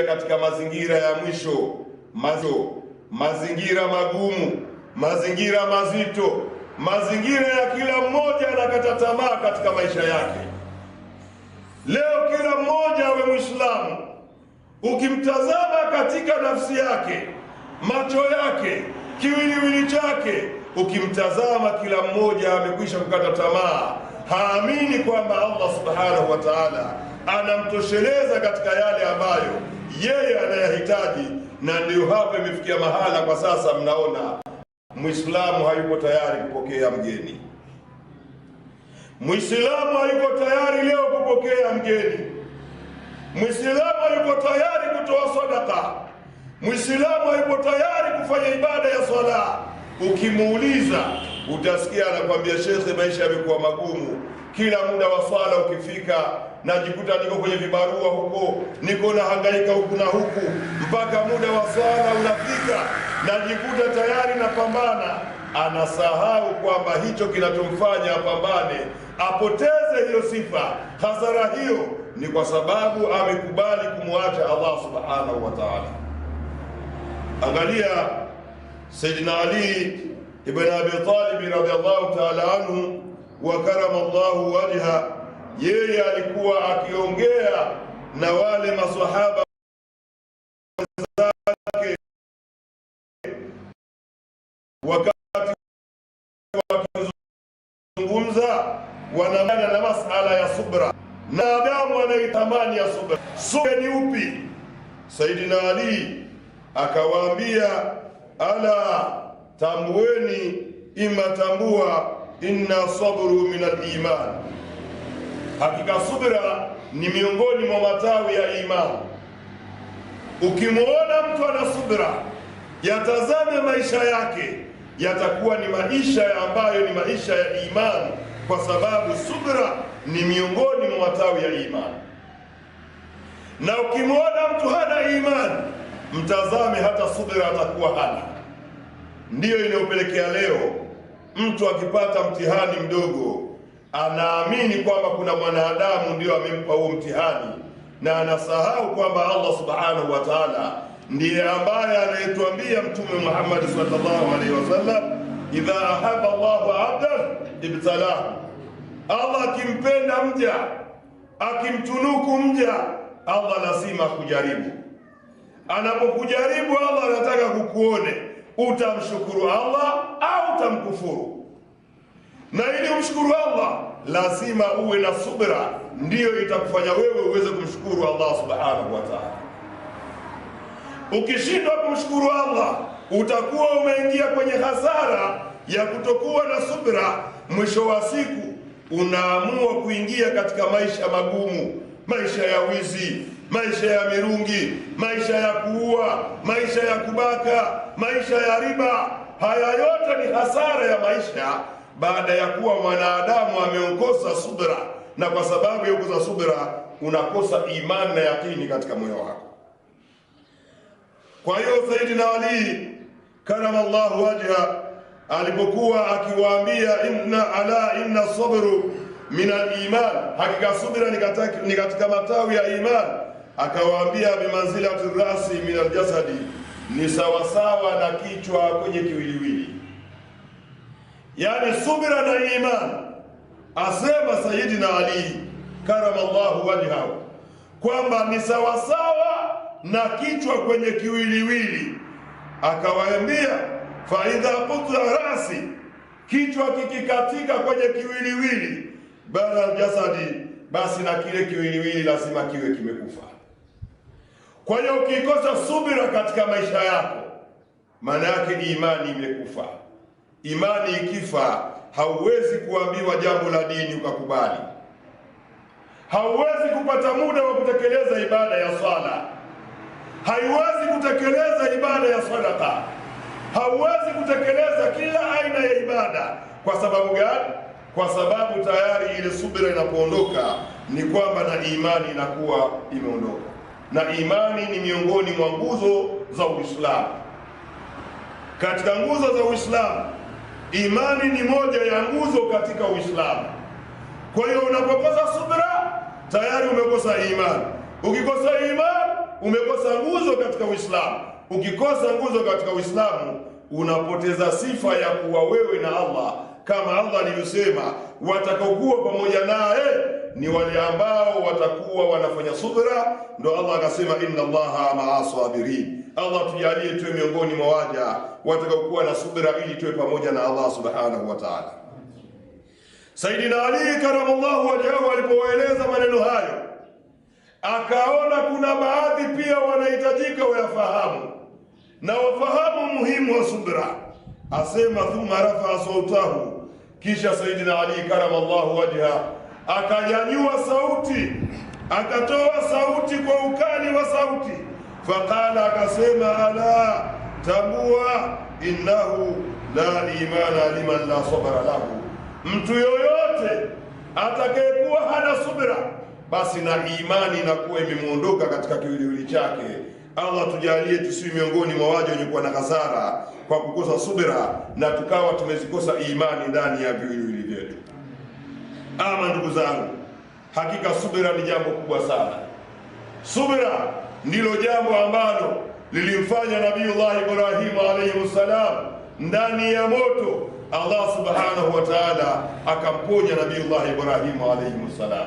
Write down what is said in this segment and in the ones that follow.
katika mazingira ya mwisho mazo, mazingira magumu, mazingira mazito, mazingira ya kila mmoja anakata tamaa katika maisha yake. Leo kila mmoja awe muislamu ukimtazama katika nafsi yake, macho yake, kiwiliwili chake, ukimtazama kila mmoja amekwisha kukata tamaa, haamini kwamba Allah subhanahu wa ta'ala anamtosheleza katika yale ambayo yeye anayahitaji, na ndio hapa imefikia mahala kwa sasa, mnaona Muislamu hayuko tayari kupokea mgeni. Muislamu hayuko tayari leo kupokea mgeni. Muislamu hayuko tayari kutoa sadaka. Muislamu hayuko tayari kufanya ibada ya swala. Ukimuuliza utasikia anakwambia, shekhe, maisha yamekuwa magumu, kila muda wa swala ukifika najikuta niko kwenye vibarua huko, niko na hangaika huku na huku, mpaka muda wa swala unafika, najikuta tayari napambana. Anasahau kwamba hicho kinachomfanya apambane, apoteze hiyo sifa, hasara hiyo ni kwa sababu amekubali kumwacha Allah subhanahu wa ta'ala. Angalia Sayyidina Ali ibn Abi Talib radhiyallahu ta'ala anhu wa karama Allahu wajha yeye alikuwa akiongea na wale maswahaba zake wakati wakizungumza wanamana na masala ya subra na adamu anaitamani ya subra subra ni upi saidina ali akawaambia ala tambueni imatambua inna sabru min aliman Hakika subira ni miongoni mwa matawi ya imani. Ukimwona mtu ana subira, yatazame maisha yake, yatakuwa ni maisha ambayo ni maisha ya imani, kwa sababu subira ni miongoni mwa matawi ya imani. Na ukimwona mtu hana imani, mtazame hata subira atakuwa hana. Ndiyo inayopelekea leo mtu akipata mtihani mdogo anaamini kwamba kuna mwanadamu ndiyo amempa huo mtihani na anasahau kwamba Allah subhanahu wa ta'ala ndiye ambaye anayetwambia Mtume Muhammad sallallahu alaihi wasallam, idha ahaba Allahu abdan ibtalahu, Allah akimpenda mja akimtunuku mja Allah lazima akujaribu. Anapokujaribu Allah anataka kukuone utamshukuru Allah au utamkufuru. Na ili umshukuru Allah lazima uwe na subra, ndiyo itakufanya wewe uweze kumshukuru Allah subhanahu wa ta'ala. Ukishindwa kumshukuru Allah utakuwa umeingia kwenye hasara ya kutokuwa na subra. Mwisho wa siku unaamua kuingia katika maisha magumu, maisha ya wizi, maisha ya mirungi, maisha ya kuua, maisha ya kubaka, maisha ya riba. Haya yote ni hasara ya maisha baada ya kuwa mwanadamu ameokosa subra, na kwa sababu ya kukosa subra unakosa imani na yakini katika moyo wako. Kwa hiyo Saidina Ali karamallahu wajha alipokuwa akiwaambia inna ala inna sabru min aliman, hakika subira ni katika matawi ya iman, akawaambia bimanzilati rasi min aljasadi, ni sawasawa na kichwa kwenye kiwiliwili yani subira na imani, asema Sayidina Ali karamallahu wajhahu kwamba ni sawasawa na kichwa kwenye kiwiliwili. Akawaambia, faidha kutla rasi, kichwa kikikatika kwenye kiwiliwili, bara jasadi, basi na kile kiwiliwili lazima kiwe kimekufa. Kwa hiyo ukikosa subira katika maisha yako, maana yake imani imekufa. Imani ikifa, hauwezi kuambiwa jambo la dini ukakubali. Hauwezi kupata muda wa kutekeleza ibada ya swala, haiwezi kutekeleza ibada ya sadaka, hauwezi kutekeleza kila aina ya ibada. Kwa sababu gani? Kwa sababu tayari ile subira inapoondoka ni kwamba na imani inakuwa imeondoka, na imani ni miongoni mwa nguzo za Uislamu. Katika nguzo za Uislamu Imani ni moja ya nguzo katika Uislamu. Kwa hiyo unapokosa subra, tayari umekosa imani. Ukikosa imani, umekosa nguzo katika Uislamu. Ukikosa nguzo katika Uislamu, unapoteza sifa ya kuwa wewe na Allah, kama Allah alivyosema, watakaokuwa pamoja naye ni wale ambao watakuwa wanafanya subra. Ndo Allah akasema inna Allaha maa sabirin. Allah tujalie tuwe miongoni mwa waja watakaokuwa na subra ili tuwe pamoja na Allah subhanahu wa ta'ala. Sayyidina Ali karamallahu wajhahu alipoeleza maneno hayo, akaona kuna baadhi pia wanahitajika wayafahamu na wafahamu muhimu wa subra. Asema thumma rafaa sautahu, kisha Saidina Ali karamallahu wajhahu akanyanyua sauti akatoa sauti kwa ukali wa sauti faqala akasema ala tambua innahu la imana liman la sabara lahu mtu yoyote atakayekuwa hana subira basi na imani inakuwa imemwondoka katika kiwiliwili chake allah tujalie tusiwi miongoni mwa waja wenye kuwa na hasara kwa kukosa subira na tukawa tumezikosa imani ndani ya viwiliwili ama ndugu zangu, hakika subira ni jambo kubwa sana. Subira ndilo jambo ambalo lilimfanya Nabiyullahi Ibrahimu alayhi salam ndani ya moto, Allah subhanahu wa ta'ala akamponya Nabiyullahi Ibrahimu alayhi salam.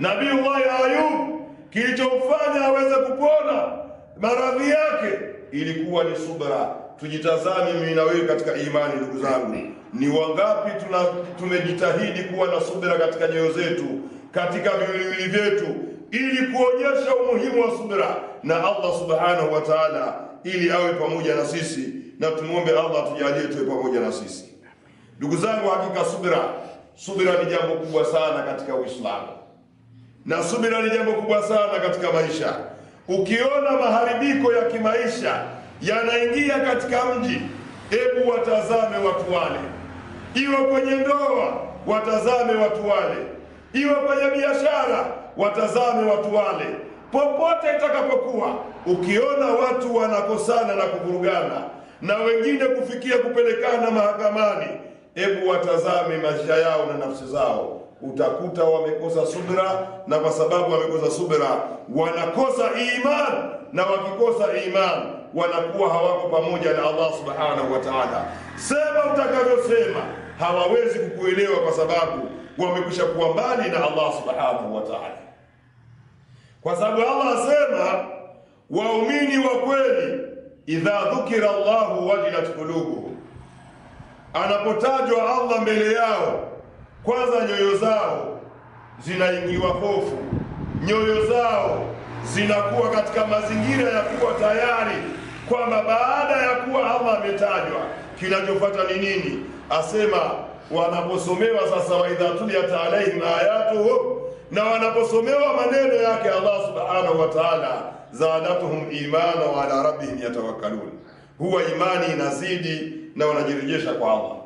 Nabiyullahi Ayub, kilichomfanya aweze kupona maradhi yake ilikuwa ni subira Tujitazame mimi na wewe katika imani, ndugu zangu. Ni wangapi tuna tumejitahidi kuwa na subira katika nyoyo zetu, katika viwiliwili vyetu, ili kuonyesha umuhimu wa subira na Allah subhanahu wa taala, ili awe pamoja na sisi, na tumwombe Allah tujalie tuwe pamoja na sisi. Ndugu zangu, hakika subira, subira ni jambo kubwa sana katika Uislamu na subira ni jambo kubwa sana katika maisha. Ukiona maharibiko ya kimaisha yanaingia katika mji, hebu watazame watu wale iwe kwenye ndoa, watazame watu wale, iwe kwenye biashara, watazame watu wale, popote itakapokuwa. Ukiona watu wanakosana na kuvurugana na wengine kufikia kupelekana mahakamani, hebu watazame maisha yao na nafsi zao utakuta wamekosa subra, na kwa sababu wamekosa subra wanakosa iman, na wakikosa iman wanakuwa hawako pamoja na Allah subhanahu wa ta'ala. Sema utakavyosema hawawezi kukuelewa kwa sababu wamekwisha kuwa mbali na Allah subhanahu wa ta'ala, kwa sababu Allah asema waumini wa kweli, idha dhukira Allahu wajilat qulubuhum, anapotajwa Allah mbele yao, kwanza nyoyo zao zinaingiwa hofu, nyoyo zao zinakuwa katika mazingira ya kuwa tayari kwamba baada ya kuwa Allah ametajwa kinachofuata ni nini? Asema wanaposomewa sasa, waidha tuliyat alaihim ayatuhu, na wanaposomewa maneno yake Allah subhanahu wa ta'ala, zadatuhum imana wa ala rabbihim yatawakkalun, huwa imani inazidi na wanajirejesha kwa Allah.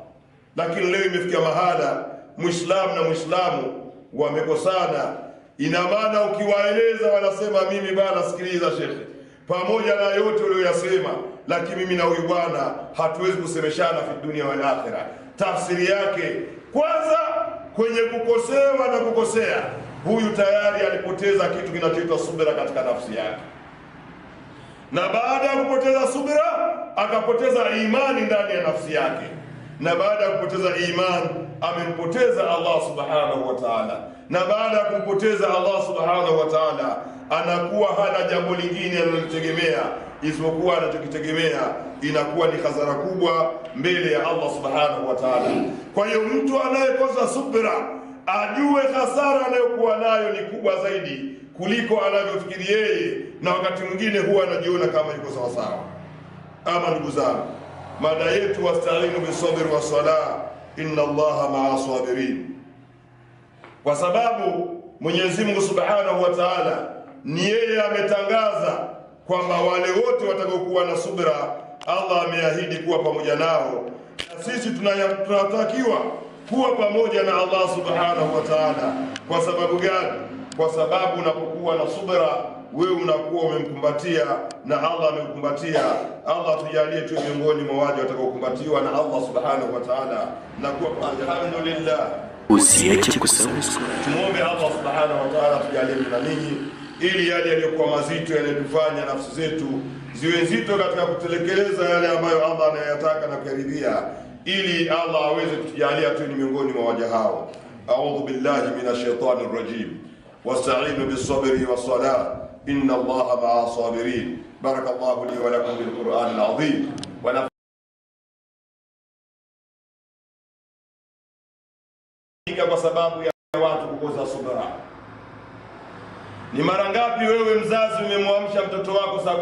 Lakini leo imefikia mahala muislamu na muislamu wamekosana. Ina maana ukiwaeleza wanasema, mimi bana, sikiliza shekhe, pamoja na yote uliyoyasema lakini mimi na huyu bwana hatuwezi kusemeshana fi dunia wal akhirah. Tafsiri yake kwanza, kwenye kukosewa na kukosea, huyu tayari alipoteza kitu kinachoitwa subira katika nafsi yake, na baada ya kupoteza subira akapoteza imani ndani ya nafsi yake, na baada ya kupoteza imani amempoteza Allah subhanahu wa ta'ala, na baada ya kumpoteza Allah subhanahu wa ta'ala anakuwa hana jambo lingine analolitegemea isipokuwa anachokitegemea inakuwa ni hasara kubwa mbele ya Allah subhanahu wa taala. Kwa hiyo mtu anayekosa subra ajue hasara anayokuwa nayo ni kubwa zaidi kuliko anavyofikiri yeye, na wakati mwingine huwa anajiona kama yuko sawasawa. Ama ndugu zangu, mada yetu wastainu bisabri wassala, inna Allaha maa sabirin, kwa sababu Mwenyezi Mungu subhanahu wa taala ni yeye ametangaza kwamba wale wote watakaokuwa na subira Allah ameahidi kuwa pamoja nao, na sisi tunatakiwa kuwa pamoja na Allah subhanahu wa ta'ala. Kwa sababu gani? Kwa sababu unapokuwa na subira wewe unakuwa umemkumbatia na Allah amekumbatia. Allah tujalie tu miongoni mwa waja watakaokumbatiwa na Allah subhanahu wa ta'ala na kuwa alhamdulillah. Usiache kusubscribe, tumwombe Allah subhanahu wa ta'ala tujalie na ninyi ili yale yaliyokuwa mazito yanayotufanya nafsi zetu ziwe nzito katika kutekeleza yale ambayo Allah anayataka na kuyaridhia, ili Allah aweze kutujalia tu ni miongoni mwa waja hao. A'udhu billahi min shaitani rajim wasta'inu bisabri wassala in llaha inna Allaha ma'a sabirin. Barakallahu li wa lakum bil-Qur'an al-azim wa kwa sababu ya watu kukosa subra ni mara ngapi wewe mzazi umemwamsha mtoto wako saa